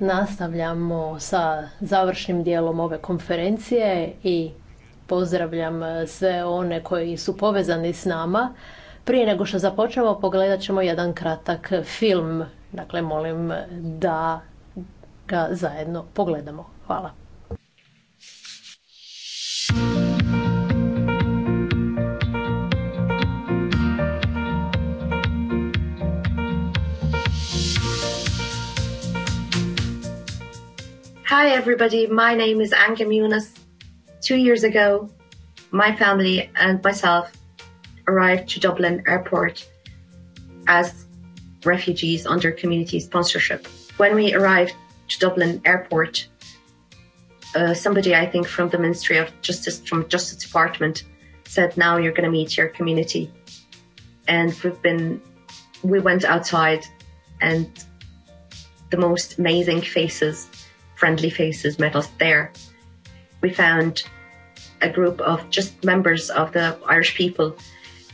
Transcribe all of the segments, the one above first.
Nastavljamo sa završnim dijelom ove konferencije i pozdravljam e, sve one koji su povezani s nama. Prije nego što započnemo pogledat ćemo jedan kratak film. Dakle, molim da ga zajedno pogledamo. Hvala. Hi, everybody. My name is Anka Munas. Two years ago, my family and myself arrived to Dublin airport as refugees under community sponsorship. When we arrived to Dublin airport, uh, somebody, I think, from the Ministry of Justice, from Justice Department, said, "Now you're going to meet your community." And we've been, we went outside, and the most amazing faces Friendly Faces met us there. We found a group of just members of the Irish people,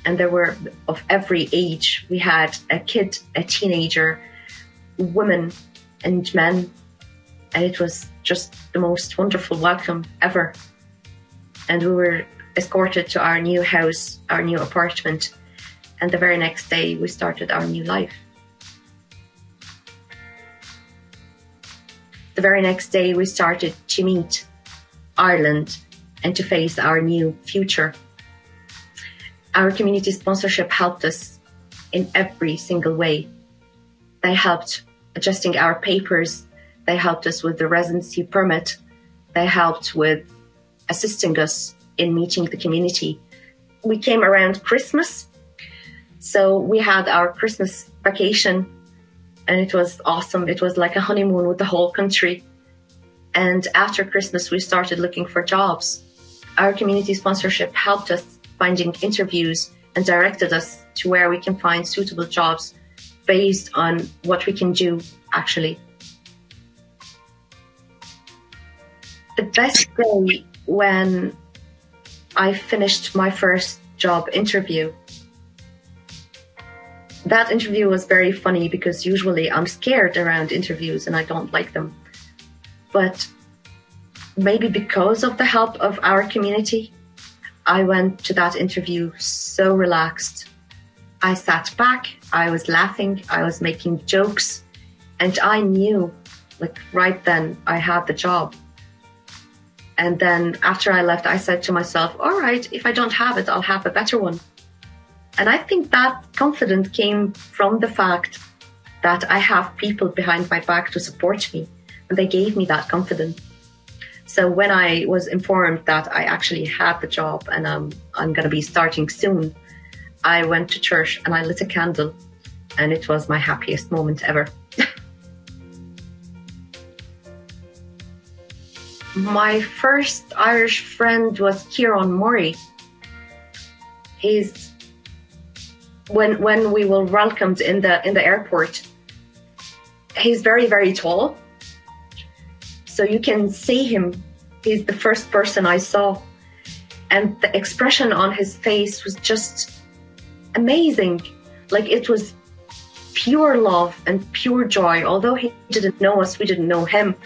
and there were of every age. We had a kid, a teenager, women, and men, and it was just the most wonderful welcome ever. And we were escorted to our new house, our new apartment, and the very next day we started our new life. The very next day, we started to meet Ireland and to face our new future. Our community sponsorship helped us in every single way. They helped adjusting our papers. They helped us with the residency permit. They helped with assisting us in meeting the community. We came around Christmas. So we had our Christmas vacation and it was awesome. It was like a honeymoon with the whole country. And after Christmas, we started looking for jobs. Our community sponsorship helped us finding interviews and directed us to where we can find suitable jobs based on what we can do actually. The best day when I finished my first job interview that interview was very funny because usually I'm scared around interviews and I don't like them. But maybe because of the help of our community, I went to that interview so relaxed. I sat back, I was laughing, I was making jokes, and I knew, like, right then I had the job. And then after I left, I said to myself, all right, if I don't have it, I'll have a better one. And I think that confidence came from the fact that I have people behind my back to support me. And they gave me that confidence. So when I was informed that I actually had the job and um, I'm, I'm going to be starting soon, I went to church and I lit a candle. And it was my happiest moment ever. my first Irish friend was Kieran Murray. He's when when we were welcomed in the in the airport. He's very very tall, so you can see him. He's the first person I saw, and the expression on his face was just amazing. Like it was pure love and pure joy. Although he didn't know us, we didn't know him,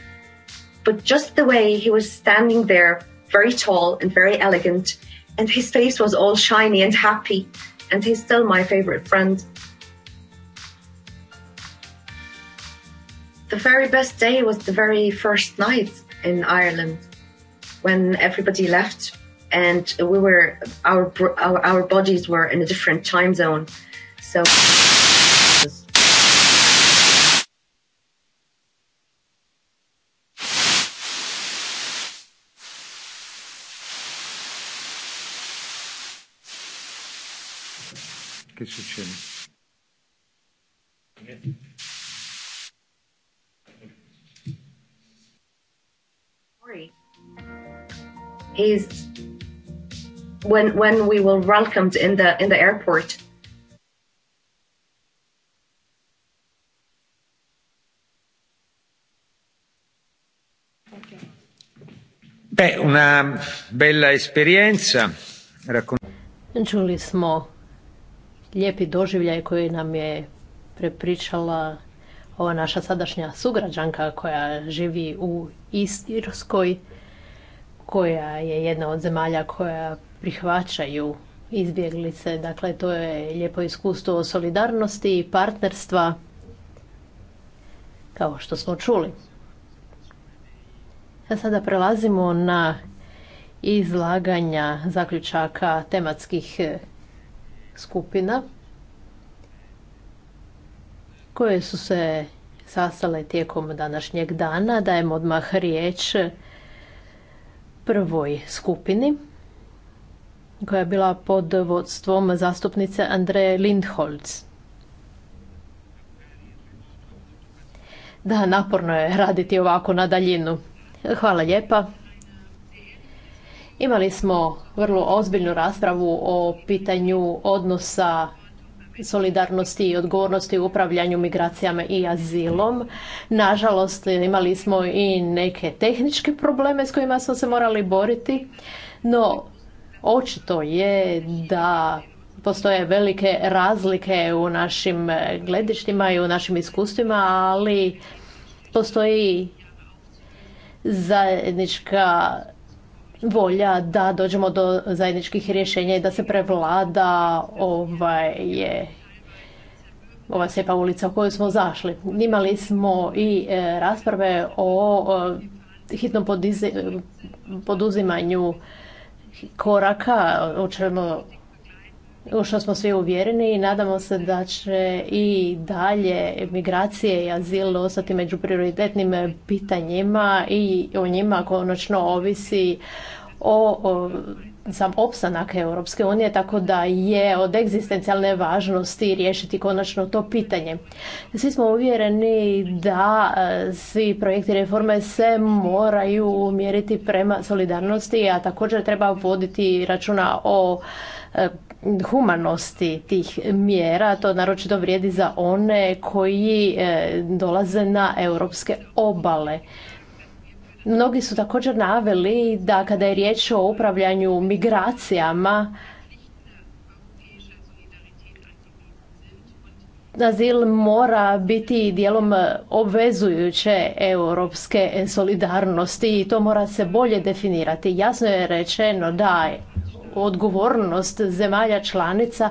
but just the way he was standing there, very tall and very elegant, and his face was all shiny and happy and he's still my favorite friend. The very best day was the very first night in Ireland when everybody left and we were our our, our bodies were in a different time zone so Che succede, Is when when we will welcomed in the in the airport. Beh, una bella esperienza. Raccon- Čuli smo lijepi doživljaj koji nam je prepričala ova naša sadašnja sugrađanka koja živi u Irskoj, koja je jedna od zemalja koja prihvaćaju izbjeglice. Dakle, to je lijepo iskustvo o solidarnosti i partnerstva, kao što smo čuli. A sada prelazimo na izlaganja zaključaka tematskih skupina koje su se sastale tijekom današnjeg dana. Dajem odmah riječ prvoj skupini koja je bila pod vodstvom zastupnice Andreje Lindholz. Da, naporno je raditi ovako na daljinu. Hvala lijepa. Imali smo vrlo ozbiljnu raspravu o pitanju odnosa solidarnosti i odgovornosti u upravljanju migracijama i azilom. Nažalost, imali smo i neke tehničke probleme s kojima smo se morali boriti, no očito je da postoje velike razlike u našim gledištima i u našim iskustvima, ali postoji zajednička volja da dođemo do zajedničkih rješenja i da se prevlada ovaj je ova sjepa ulica u koju smo zašli. Imali smo i e, rasprave o, hitnom poduzimanju koraka, o čemu u što smo svi uvjereni i nadamo se da će i dalje migracije i azil ostati među prioritetnim pitanjima i o njima konačno ovisi o, sam opstanak Europske unije, tako da je od egzistencijalne važnosti riješiti konačno to pitanje. Svi smo uvjereni da e, svi projekti reforme se moraju umjeriti prema solidarnosti, a također treba voditi računa o Eh, humanosti tih mjera. To naročito vrijedi za one koji eh, dolaze na europske obale. Mnogi su također naveli da kada je riječ o upravljanju migracijama, azil mora biti dijelom obvezujuće europske solidarnosti i to mora se bolje definirati. Jasno je rečeno da odgovornost zemalja članica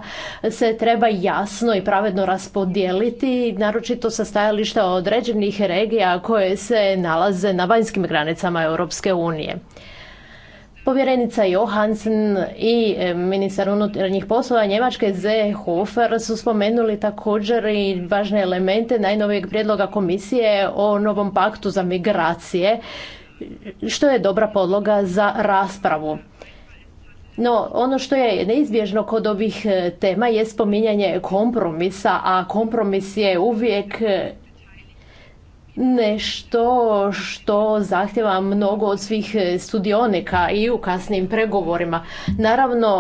se treba jasno i pravedno raspodijeliti, naročito sa stajališta određenih regija koje se nalaze na vanjskim granicama Europske unije. Povjerenica Johansen i e, ministar unutarnjih poslova Njemačke Hofer su spomenuli također i važne elemente najnovijeg prijedloga komisije o novom paktu za migracije, što je dobra podloga za raspravu. No, ono što je neizbježno kod ovih e, tema je spominjanje kompromisa, a kompromis je uvijek e, nešto što zahtjeva mnogo od svih e, sudionika i u kasnim pregovorima. Naravno,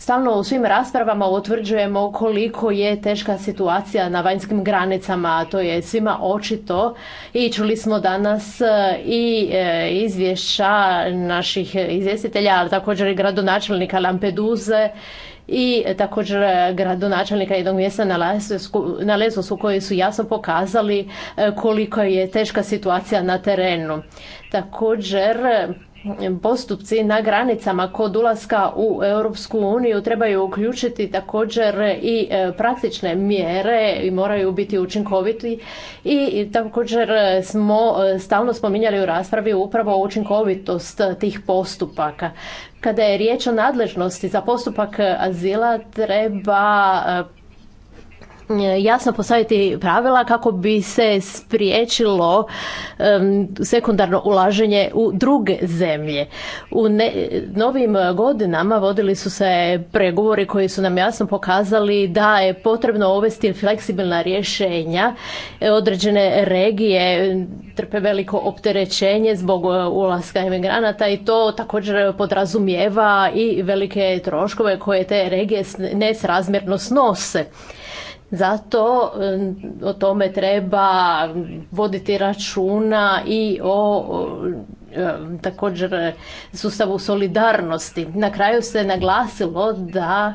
Stalno u svim raspravama utvrđujemo koliko je teška situacija na vanjskim granicama, a to je svima očito i čuli smo danas e, i e, izvješća naših izvjestitelja, ali također i gradonačelnika Lampeduze i također gradonačelnika jednog mjesta na su koji su jasno pokazali e, koliko je teška situacija na terenu. Također postupci na granicama kod ulaska u Europsku uniju trebaju uključiti također i e, praktične mjere i moraju biti učinkoviti i također smo e, stalno spominjali u raspravi upravo učinkovitost tih postupaka. Kada je riječ o nadležnosti za postupak azila treba e, E, jasno postaviti pravila kako bi se spriječilo sekundarno ulaženje u druge zemlje. U novim godinama vodili su se pregovori koji su nam jasno pokazali da je potrebno uvesti fleksibilna rješenja. E, određene regije trpe veliko opterećenje zbog e, ulaska imigranata i to također podrazumijeva i velike troškove koje te regije nesrazmjerno snose. Zato o tome treba voditi računa i o također sustavu solidarnosti. Na kraju se naglasilo da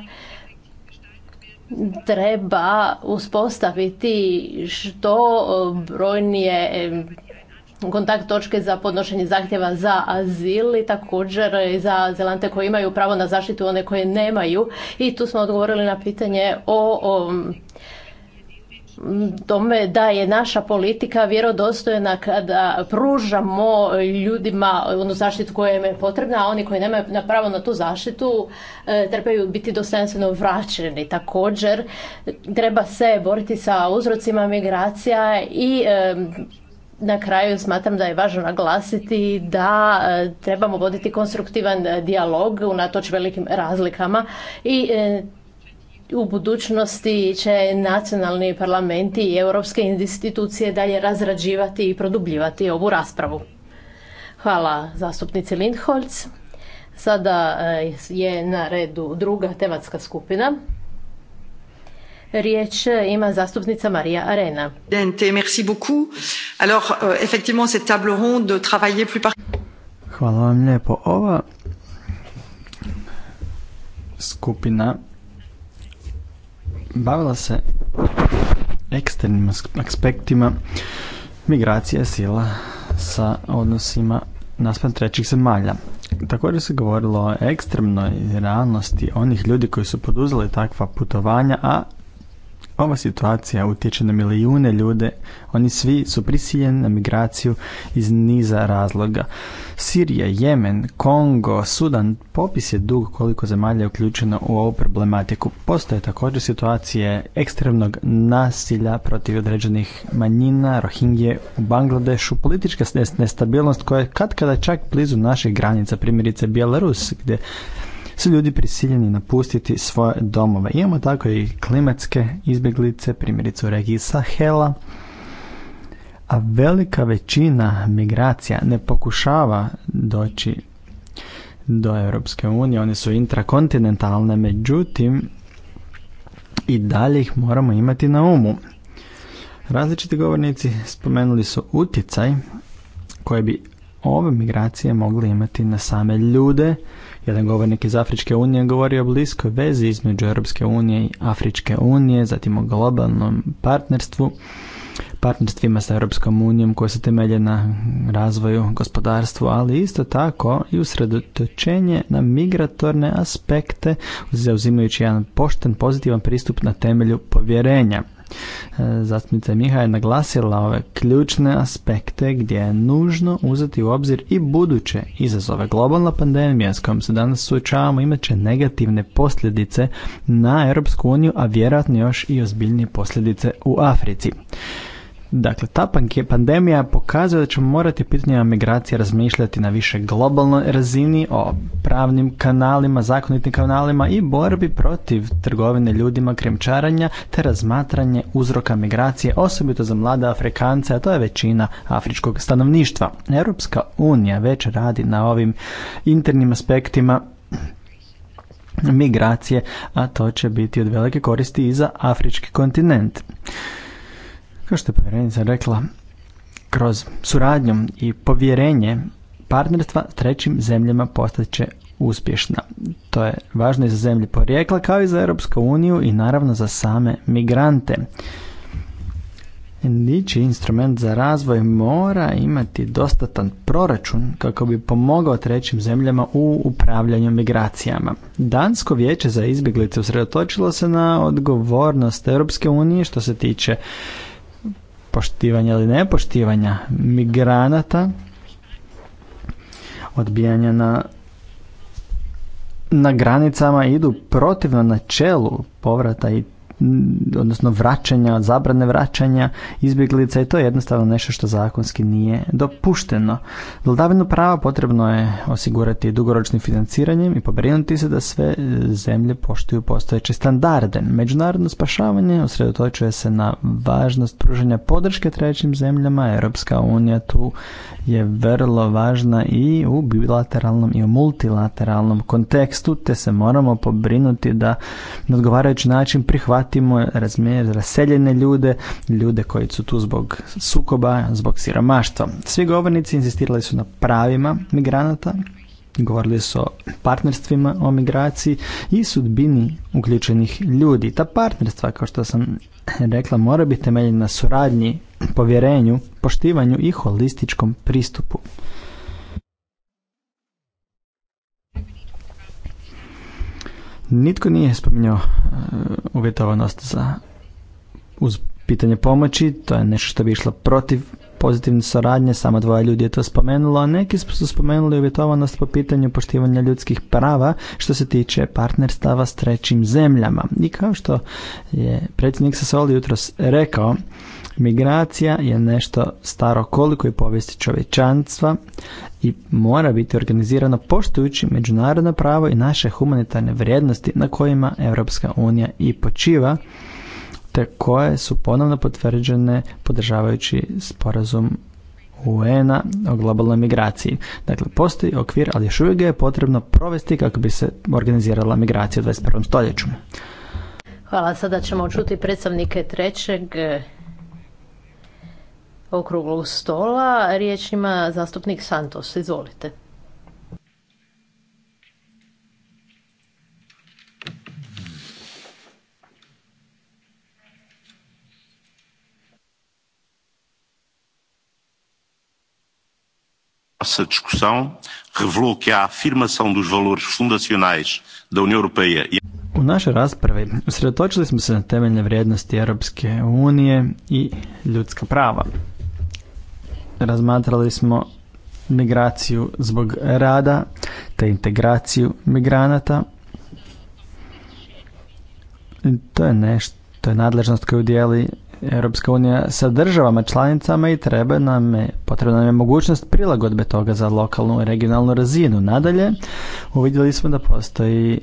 treba uspostaviti što brojnije kontakt točke za podnošenje zahtjeva za azil i također za azilante koji imaju pravo na zaštitu, one koje nemaju. I tu smo odgovorili na pitanje o, tome da je naša politika vjerodostojna kada pružamo ljudima onu zaštitu koja im je potrebna, a oni koji nemaju pravo na tu zaštitu e, trebaju biti dostojanstveno vraćeni. Također treba se boriti sa uzrocima migracija i e, na kraju smatram da je važno naglasiti da e, trebamo voditi konstruktivan e, dijalog unatoč velikim razlikama i e, u budućnosti će nacionalni parlamenti i europske institucije dalje razrađivati i produbljivati ovu raspravu. Hvala zastupnici Lindholz. Sada je na redu druga tematska skupina. Riječ ima zastupnica Marija Arena. Euh, Hvala vam lijepo. Ova skupina bavila se eksternim aspektima migracije sila sa odnosima naspan trećih zemalja. Također se govorilo o ekstremnoj realnosti onih ljudi koji su poduzeli takva putovanja, a ova situacija utječe na milijune ljude, oni svi su prisiljeni na migraciju iz niza razloga. Sirija, Jemen, Kongo, Sudan, popis je dug koliko zemalja je uključeno u ovu problematiku. Postoje također situacije ekstremnog nasilja protiv određenih manjina, rohingje u Bangladešu, politička nestabilnost koja je kad kada čak blizu naših granica, primjerice Bjelarus, gdje su ljudi prisiljeni napustiti svoje domove. Imamo tako i klimatske izbjeglice, primjerice u regiji Sahela, a velika većina migracija ne pokušava doći do Europske unije, one su intrakontinentalne, međutim i dalje ih moramo imati na umu. Različiti govornici spomenuli su utjecaj koje bi ove migracije mogli imati na same ljude, jedan govornik iz Afričke unije govorio o bliskoj vezi između Europske unije i Afričke unije, zatim o globalnom partnerstvu, partnerstvima sa Europskom unijom koje se temelje na razvoju, gospodarstvu, ali isto tako i usredotočenje na migratorne aspekte zauzimajući jedan pošten, pozitivan pristup na temelju povjerenja. Zastupnica Miha je naglasila ove ključne aspekte gdje je nužno uzeti u obzir i buduće izazove. Globalna pandemija s kojom se danas suočavamo imat će negativne posljedice na Europsku uniju, a vjerojatno još i ozbiljnije posljedice u Africi. Dakle, ta pandemija pokazuje da ćemo morati pitanjima migracije razmišljati na više globalnoj razini o pravnim kanalima, zakonitim kanalima i borbi protiv trgovine ljudima, kremčaranja te razmatranje uzroka migracije, osobito za mlade Afrikance, a to je većina afričkog stanovništva. Europska unija već radi na ovim internim aspektima migracije, a to će biti od velike koristi i za afrički kontinent. Kao što je povjerenica rekla, kroz suradnju i povjerenje partnerstva s trećim zemljama postat će uspješna. To je važno i za zemlje porijekla kao i za Europsku uniju i naravno za same migrante. Niči instrument za razvoj mora imati dostatan proračun kako bi pomogao trećim zemljama u upravljanju migracijama. Dansko vijeće za izbjeglice usredotočilo se na odgovornost Europske unije što se tiče poštivanja ili nepoštivanja migranata, odbijanja na, na granicama idu protivno načelu povrata i odnosno vraćanja, od zabrane vraćanja izbjeglica i to je jednostavno nešto što zakonski nije dopušteno. Vladavinu prava potrebno je osigurati dugoročnim financiranjem i pobrinuti se da sve e, zemlje poštuju postojeće standarde. Međunarodno spašavanje osredotočuje se na važnost pružanja podrške trećim zemljama. Europska unija tu je vrlo važna i u bilateralnom i u multilateralnom kontekstu te se moramo pobrinuti da na odgovarajući način prihvatimo pratimo raseljene ljude, ljude koji su tu zbog sukoba, zbog siromaštva. Svi govornici insistirali su na pravima migranata, govorili su o partnerstvima o migraciji i sudbini uključenih ljudi. Ta partnerstva, kao što sam rekla, mora biti temeljena na suradnji, povjerenju, poštivanju i holističkom pristupu. Nitko nije spominjao e, uvjetovanost za uz pitanje pomoći, to je nešto što bi išlo protiv pozitivne suradnje, samo dvoje ljudi je to spomenulo, a neki su spomenuli uvjetovanost po pitanju poštivanja ljudskih prava što se tiče partnerstava s trećim zemljama. I kao što je predsjednik Sasoli jutros rekao, Migracija je nešto staro koliko i povijesti čovječanstva i mora biti organizirano poštujući međunarodno pravo i naše humanitarne vrijednosti na kojima Europska unija i počiva, te koje su ponovno potvrđene podržavajući sporazum UN-a o globalnoj migraciji. Dakle, postoji okvir, ali još uvijek je potrebno provesti kako bi se organizirala migracija u 21. stoljeću. Hvala, sada ćemo čuti predstavnike trećeg okruglog stola. Riječ ima zastupnik Santos. Izvolite. nossa discussão revelou que a afirmação dos valores fundacionais da União Europeia e U našoj raspravi usredotočili smo se na temeljne vrijednosti Europske unije i ljudska prava razmatrali smo migraciju zbog rada te integraciju migranata. To je nešto, to je nadležnost koju dijeli Europska unija sa državama članicama i treba nam je, potrebna nam je mogućnost prilagodbe toga za lokalnu i regionalnu razinu. Nadalje, uvidjeli smo da postoji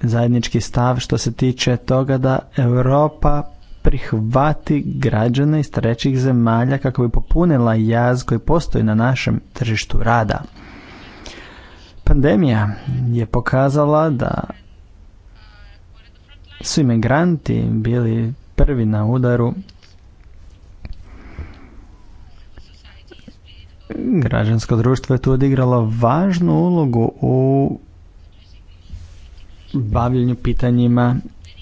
zajednički stav što se tiče toga da Europa prihvati građane iz trećih zemalja kako bi popunila jaz koji postoji na našem tržištu rada. Pandemija je pokazala da su imigranti bili prvi na udaru građansko društvo je tu odigralo važnu ulogu u bavljenju pitanjima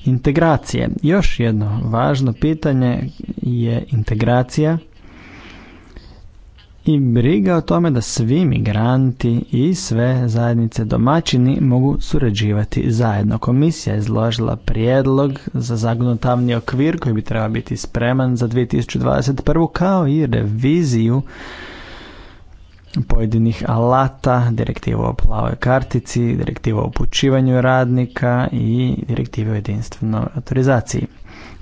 integracije. Još jedno važno pitanje je integracija i briga o tome da svi migranti i sve zajednice domaćini mogu surađivati zajedno. Komisija je izložila prijedlog za zagonotavni okvir koji bi trebao biti spreman za 2021. kao i reviziju pojedinih alata, direktiva o plavoj kartici, direktiva o upućivanju radnika i direktiva o jedinstvenoj autorizaciji.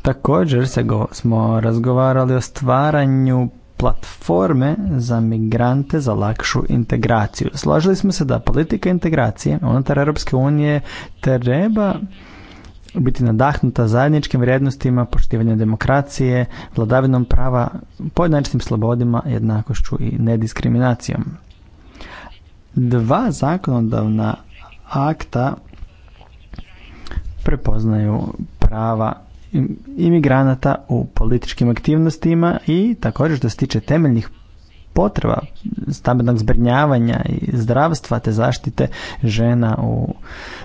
Također se go, smo razgovarali o stvaranju platforme za migrante za lakšu integraciju. Složili smo se da politika integracije unutar Europske unije treba biti nadahnuta zajedničkim vrijednostima, poštivanjem demokracije, vladavinom prava, pojedinačnim slobodima, jednakošću i nediskriminacijom. Dva zakonodavna akta prepoznaju prava imigranata u političkim aktivnostima i također što se tiče temeljnih potreba stambenog zbrinjavanja i zdravstva te zaštite žena u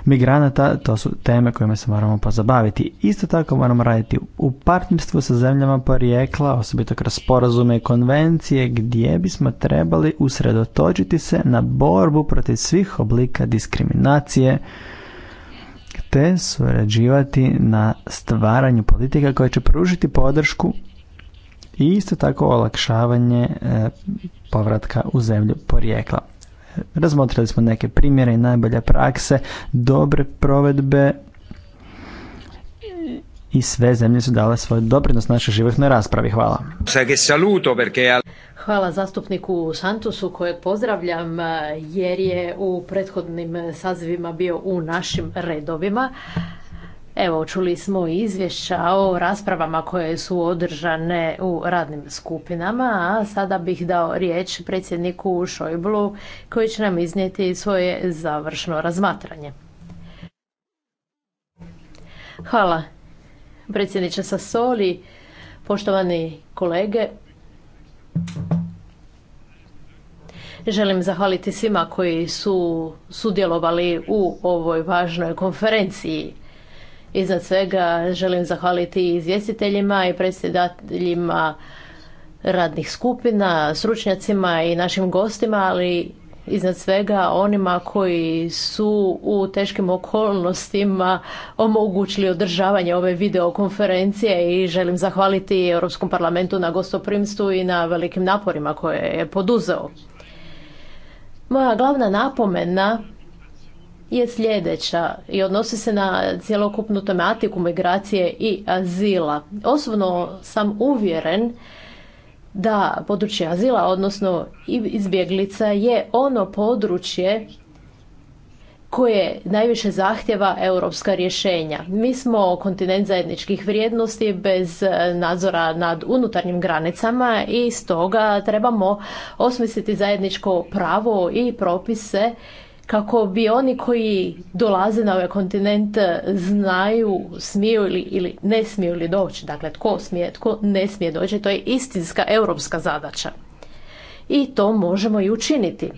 migranata, to su teme kojima se moramo pozabaviti. Isto tako moramo raditi u partnerstvu sa zemljama porijekla, osobito kroz sporazume i konvencije, gdje bismo trebali usredotočiti se na borbu protiv svih oblika diskriminacije, te surađivati na stvaranju politika koje će pružiti podršku i isto tako olakšavanje e, povratka u zemlju porijekla. Razmotrili smo neke primjere i najbolje prakse, dobre provedbe i sve zemlje su dale svoj doprinos našoj životnoj raspravi. Hvala. Hvala zastupniku Santusu kojeg pozdravljam e, jer je u prethodnim sazivima bio u našim redovima. Evo, čuli smo izvješća o raspravama koje su održane u radnim skupinama, a sada bih dao riječ predsjedniku Šojblu koji će nam iznijeti svoje završno razmatranje. Hvala, predsjedniče Sasoli, poštovani kolege. Želim zahvaliti svima koji su sudjelovali u ovoj važnoj konferenciji. Iznad svega želim zahvaliti izvjestiteljima i predsjedateljima radnih skupina, stručnjacima i našim gostima, ali iznad svega onima koji su u teškim okolnostima omogućili održavanje ove videokonferencije i želim zahvaliti Europskom parlamentu na gostoprimstvu i na velikim naporima koje je poduzeo. Moja glavna napomena je sljedeća i odnosi se na cjelokupnu tematiku migracije i azila. Osobno sam uvjeren da područje azila, odnosno izbjeglica, je ono područje koje najviše zahtjeva europska rješenja. Mi smo kontinent zajedničkih vrijednosti bez nadzora nad unutarnjim granicama i stoga trebamo osmisliti zajedničko pravo i propise kako bi oni koji dolaze na ovaj kontinent znaju smiju li ili ne smiju li doći. Dakle, tko smije, tko ne smije doći. To je istinska europska zadaća. I to možemo i učiniti.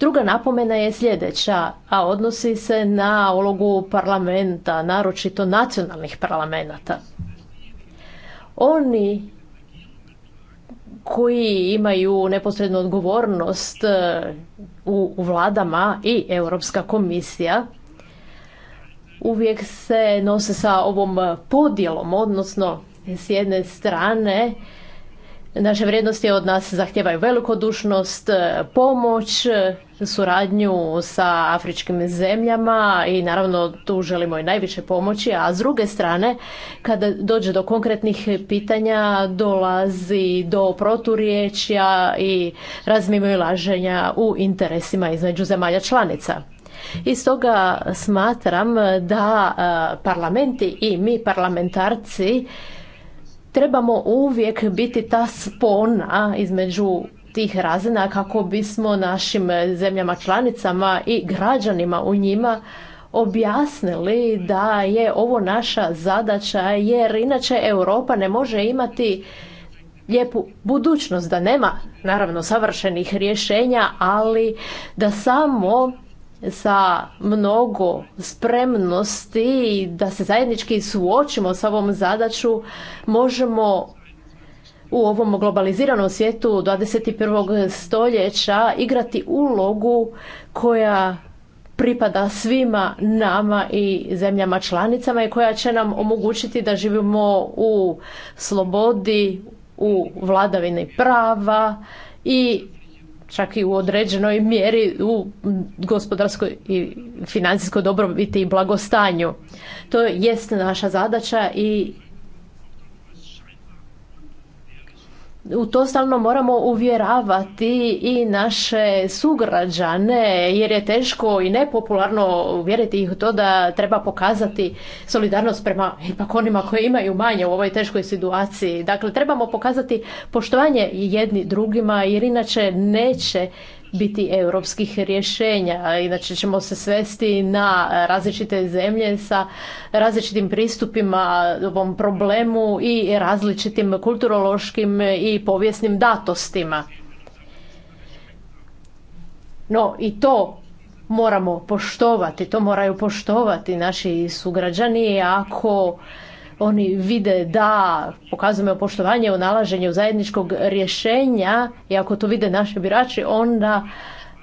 Druga napomena je sljedeća, a odnosi se na ulogu parlamenta, naročito nacionalnih parlamenta. Oni koji imaju neposrednu odgovornost e, u vladama i Europska komisija uvijek se nose sa ovom podjelom, odnosno s jedne strane Naše vrijednosti od nas zahtijevaju velikodušnost, e, pomoć, e, suradnju sa afričkim zemljama i naravno tu želimo i najviše pomoći, a s druge strane kada dođe do konkretnih pitanja dolazi do proturiječja i razmimoilaženja u interesima između zemalja članica. I stoga smatram da e, parlamenti i mi parlamentarci trebamo uvijek biti ta spona između tih razina kako bismo našim zemljama članicama i građanima u njima objasnili da je ovo naša zadaća jer inače Europa ne može imati lijepu budućnost da nema naravno savršenih rješenja, ali da samo sa mnogo spremnosti da se zajednički suočimo sa ovom zadaću možemo u ovom globaliziranom svijetu 21. stoljeća igrati ulogu koja pripada svima nama i zemljama članicama i koja će nam omogućiti da živimo u slobodi, u vladavini prava i čak i u određenoj mjeri u gospodarskoj i financijskoj dobrobiti i blagostanju. To jest naša zadaća i u to stalno moramo uvjeravati i naše sugrađane jer je teško i nepopularno uvjeriti ih u to da treba pokazati solidarnost prema ipak onima koji imaju manje u ovoj teškoj situaciji. Dakle, trebamo pokazati poštovanje jedni drugima jer inače neće biti europskih rješenja. Inače ćemo se svesti na različite zemlje sa različitim pristupima ovom problemu i različitim kulturološkim i povijesnim datostima. No i to moramo poštovati, to moraju poštovati naši sugrađani ako oni vide da pokazujemo poštovanje u nalaženju zajedničkog rješenja i ako to vide naši birači onda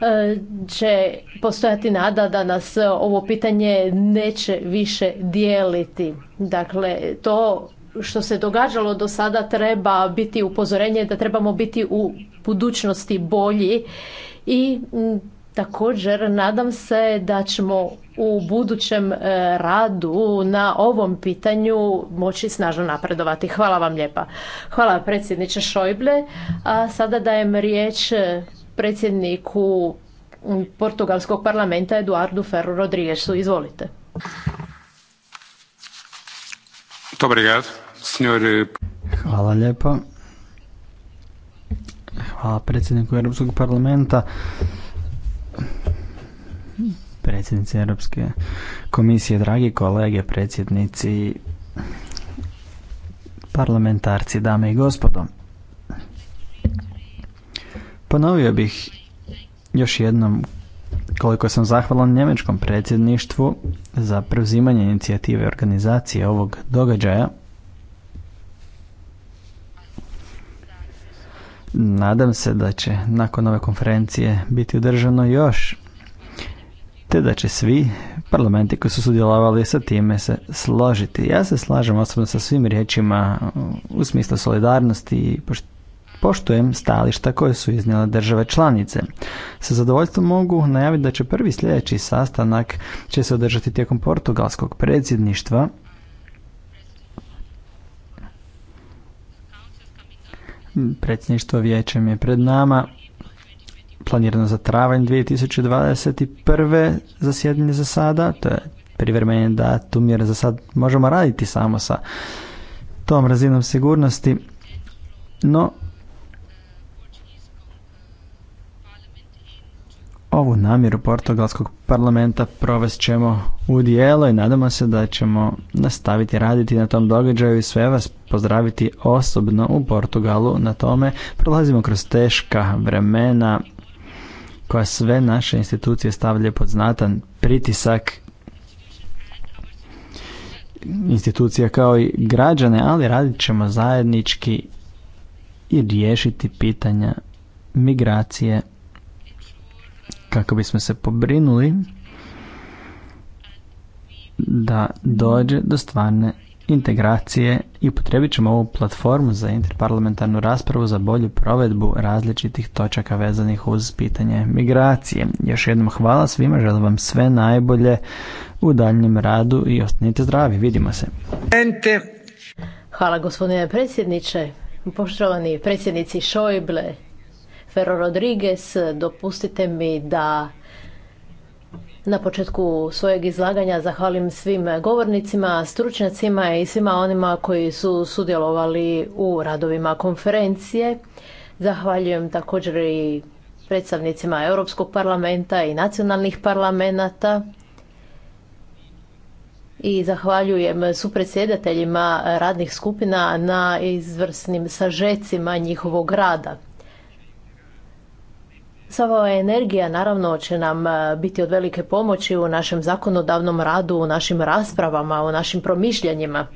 e, će postojati nada da nas ovo pitanje neće više dijeliti. Dakle, to što se događalo do sada treba biti upozorenje da trebamo biti u budućnosti bolji i Također, nadam se da ćemo u budućem e, radu na ovom pitanju moći snažno napredovati. Hvala vam lijepa. Hvala predsjedniče Šojble. A sada dajem riječ predsjedniku Portugalskog parlamenta Eduardu Ferro Rodriguesu. Izvolite. Eh, Hvala lijepo. Hvala predsjedniku Europskog parlamenta predsjednici Europske komisije, dragi kolege, predsjednici, parlamentarci, dame i gospodo. Ponovio bih još jednom koliko sam zahvalan njemačkom predsjedništvu za preuzimanje inicijative organizacije ovog događaja. Nadam se da će nakon ove konferencije biti održano još da će svi parlamenti koji su sudjelovali sa time se složiti. Ja se slažem osobno sa svim riječima u smislu solidarnosti i poštujem stališta koje su iznijele države članice. Sa zadovoljstvom mogu najaviti da će prvi sljedeći sastanak će se održati tijekom portugalskog predsjedništva predsjedništvo vijećem je pred nama planirano za travanj 2021. zasjedanje za sada, to je privremeni datum jer za sad možemo raditi samo sa tom razinom sigurnosti, no ovu namjeru portugalskog parlamenta provest ćemo u dijelo i nadamo se da ćemo nastaviti raditi na tom događaju i sve vas pozdraviti osobno u Portugalu na tome. Prolazimo kroz teška vremena, koja sve naše institucije stavlja pod znatan pritisak institucija kao i građane, ali radit ćemo zajednički i riješiti pitanja migracije kako bismo se pobrinuli da dođe do stvarne integracije i upotrebit ćemo ovu platformu za interparlamentarnu raspravu za bolju provedbu različitih točaka vezanih uz pitanje migracije. Još jednom hvala svima, želim vam sve najbolje u daljnjem radu i ostanite zdravi, vidimo se. Hvala gospodine predsjedniče, poštovani predsjednici Šojble, Ferro Rodriguez, dopustite mi da na početku svojeg izlaganja zahvalim svim govornicima, stručnjacima i svima onima koji su sudjelovali u radovima konferencije. Zahvaljujem također i predstavnicima Europskog parlamenta i nacionalnih parlamenta i zahvaljujem supredsjedateljima radnih skupina na izvrsnim sažecima njihovog rada. Sava ova energija naravno će nam e, biti od velike pomoći u našem zakonodavnom radu, u našim raspravama, u našim promišljanjima.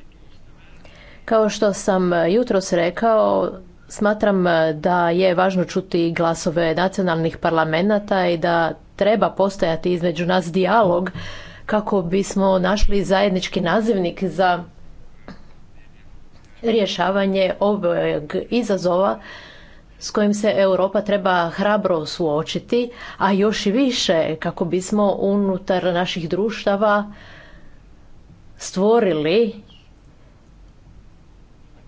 Kao što sam e, jutros rekao, smatram e, da je važno čuti glasove nacionalnih parlamenta i da treba postojati između nas dijalog kako bismo našli zajednički nazivnik za rješavanje ovog izazova s kojim se Europa treba hrabro suočiti, a još i više kako bismo unutar naših društava stvorili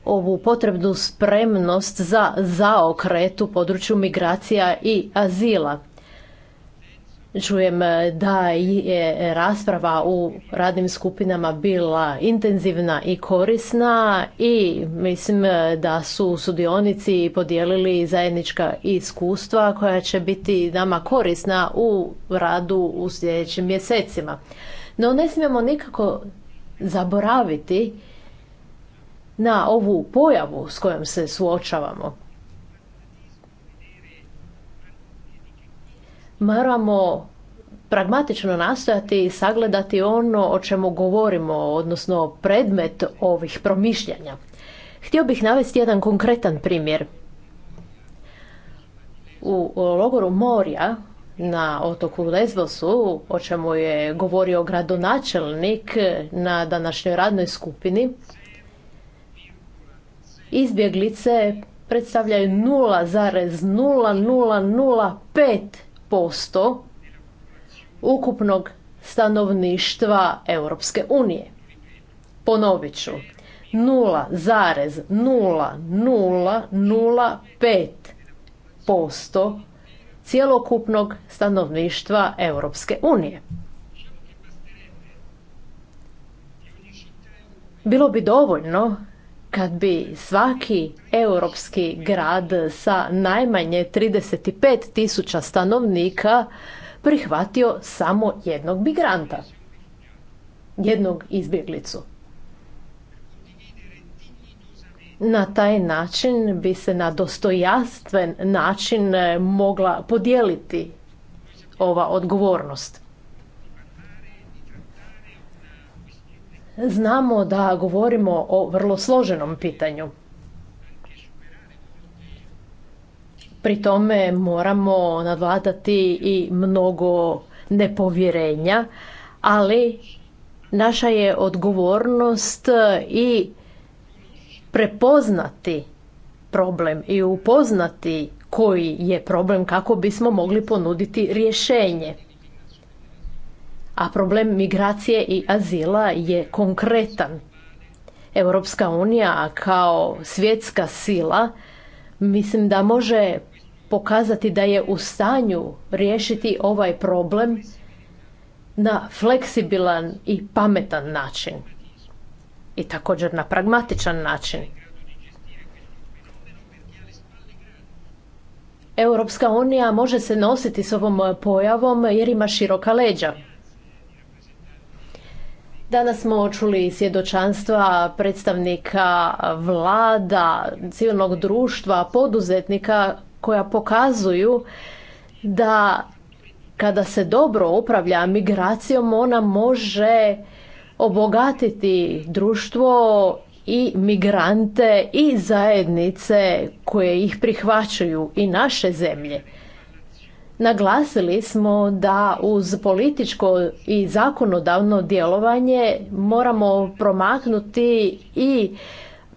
ovu potrebnu spremnost za zaokret u području migracija i azila čujem e, da je rasprava u radnim skupinama bila intenzivna i korisna i mislim e, da su sudionici podijelili zajednička iskustva koja će biti nama korisna u radu u sljedećim mjesecima. No ne smijemo nikako zaboraviti na ovu pojavu s kojom se suočavamo. moramo pragmatično nastojati sagledati ono o čemu govorimo, odnosno predmet ovih promišljanja. Htio bih navesti jedan konkretan primjer. U logoru Morja na otoku Lesbosu, o čemu je govorio gradonačelnik na današnjoj radnoj skupini, izbjeglice predstavljaju 0,0005 posto ukupnog stanovništva Europske unije. Ponovit ću, 0,0005 posto cjelokupnog stanovništva Europske unije. Bilo bi dovoljno kad bi svaki europski grad sa najmanje 35 tisuća stanovnika prihvatio samo jednog migranta, jednog izbjeglicu. Na taj način bi se na dostojanstven način mogla podijeliti ova odgovornost. znamo da govorimo o vrlo složenom pitanju. Pri tome moramo nadvladati i mnogo nepovjerenja, ali naša je odgovornost i prepoznati problem i upoznati koji je problem kako bismo mogli ponuditi rješenje a problem migracije i azila je konkretan. Europska unija kao svjetska sila mislim da može pokazati da je u stanju riješiti ovaj problem na fleksibilan i pametan način i također na pragmatičan način. Europska unija može se nositi s ovom pojavom jer ima široka leđa. Danas smo čuli svjedočanstva predstavnika vlada, civilnog društva, poduzetnika koja pokazuju da kada se dobro upravlja migracijom ona može obogatiti društvo i migrante i zajednice koje ih prihvaćaju i naše zemlje. Naglasili smo da uz političko i zakonodavno djelovanje moramo promaknuti i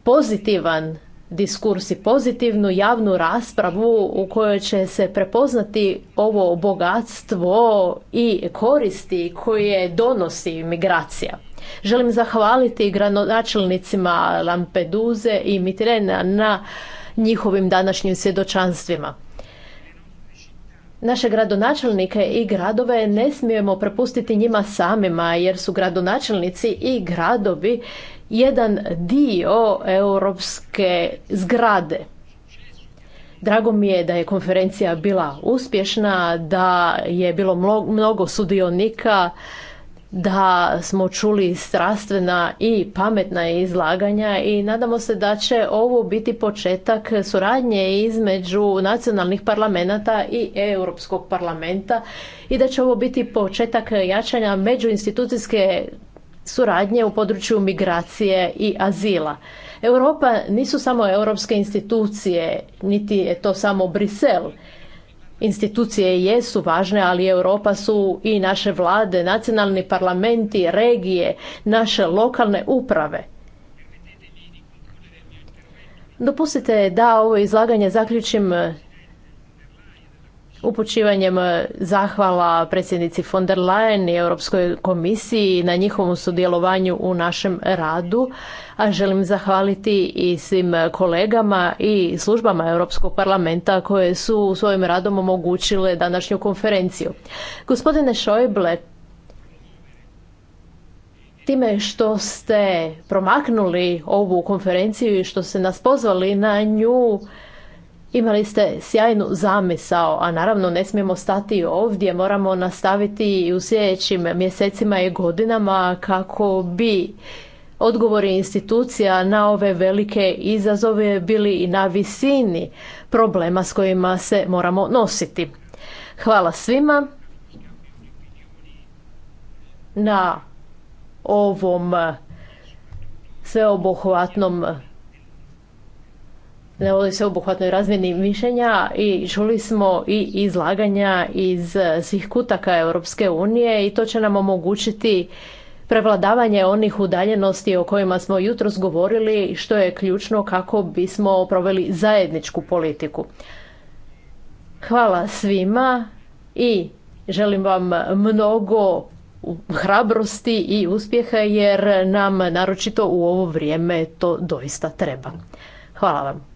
pozitivan diskurs i pozitivnu javnu raspravu u kojoj će se prepoznati ovo bogatstvo i koristi koje donosi migracija. Želim zahvaliti gradonačelnicima Lampeduze i Mitrena na njihovim današnjim svjedočanstvima naše gradonačelnike i gradove ne smijemo prepustiti njima samima jer su gradonačelnici i gradovi jedan dio europske zgrade. Drago mi je da je konferencija bila uspješna, da je bilo mnogo sudionika da smo čuli strastvena i pametna izlaganja i nadamo se da će ovo biti početak suradnje između nacionalnih parlamenta i Europskog parlamenta i da će ovo biti početak jačanja međuinstitucijske suradnje u području migracije i azila. Europa nisu samo europske institucije, niti je to samo Brisel institucije jesu važne, ali Europa su i naše vlade, nacionalni parlamenti, regije, naše lokalne uprave. Dopustite da ovo izlaganje zaključim upućivanjem eh, zahvala predsjednici von der Leyen i Europskoj komisiji na njihovom sudjelovanju u našem radu, a želim zahvaliti i svim kolegama i službama Europskog parlamenta koje su svojim radom omogućile današnju konferenciju. Gospodine Schäuble, time što ste promaknuli ovu konferenciju i što ste nas pozvali na nju, Imali ste sjajnu zamisao, a naravno ne smijemo stati ovdje, moramo nastaviti i u sljedećim mjesecima i godinama kako bi odgovori institucija na ove velike izazove bili i na visini problema s kojima se moramo nositi. Hvala svima na ovom sveobuhvatnom na ovoj se razmjeni mišljenja i čuli smo i izlaganja iz svih kutaka Europske unije i to će nam omogućiti prevladavanje onih udaljenosti o kojima smo jutros govorili što je ključno kako bismo proveli zajedničku politiku. Hvala svima i želim vam mnogo hrabrosti i uspjeha jer nam naročito u ovo vrijeme to doista treba. Hvala vam.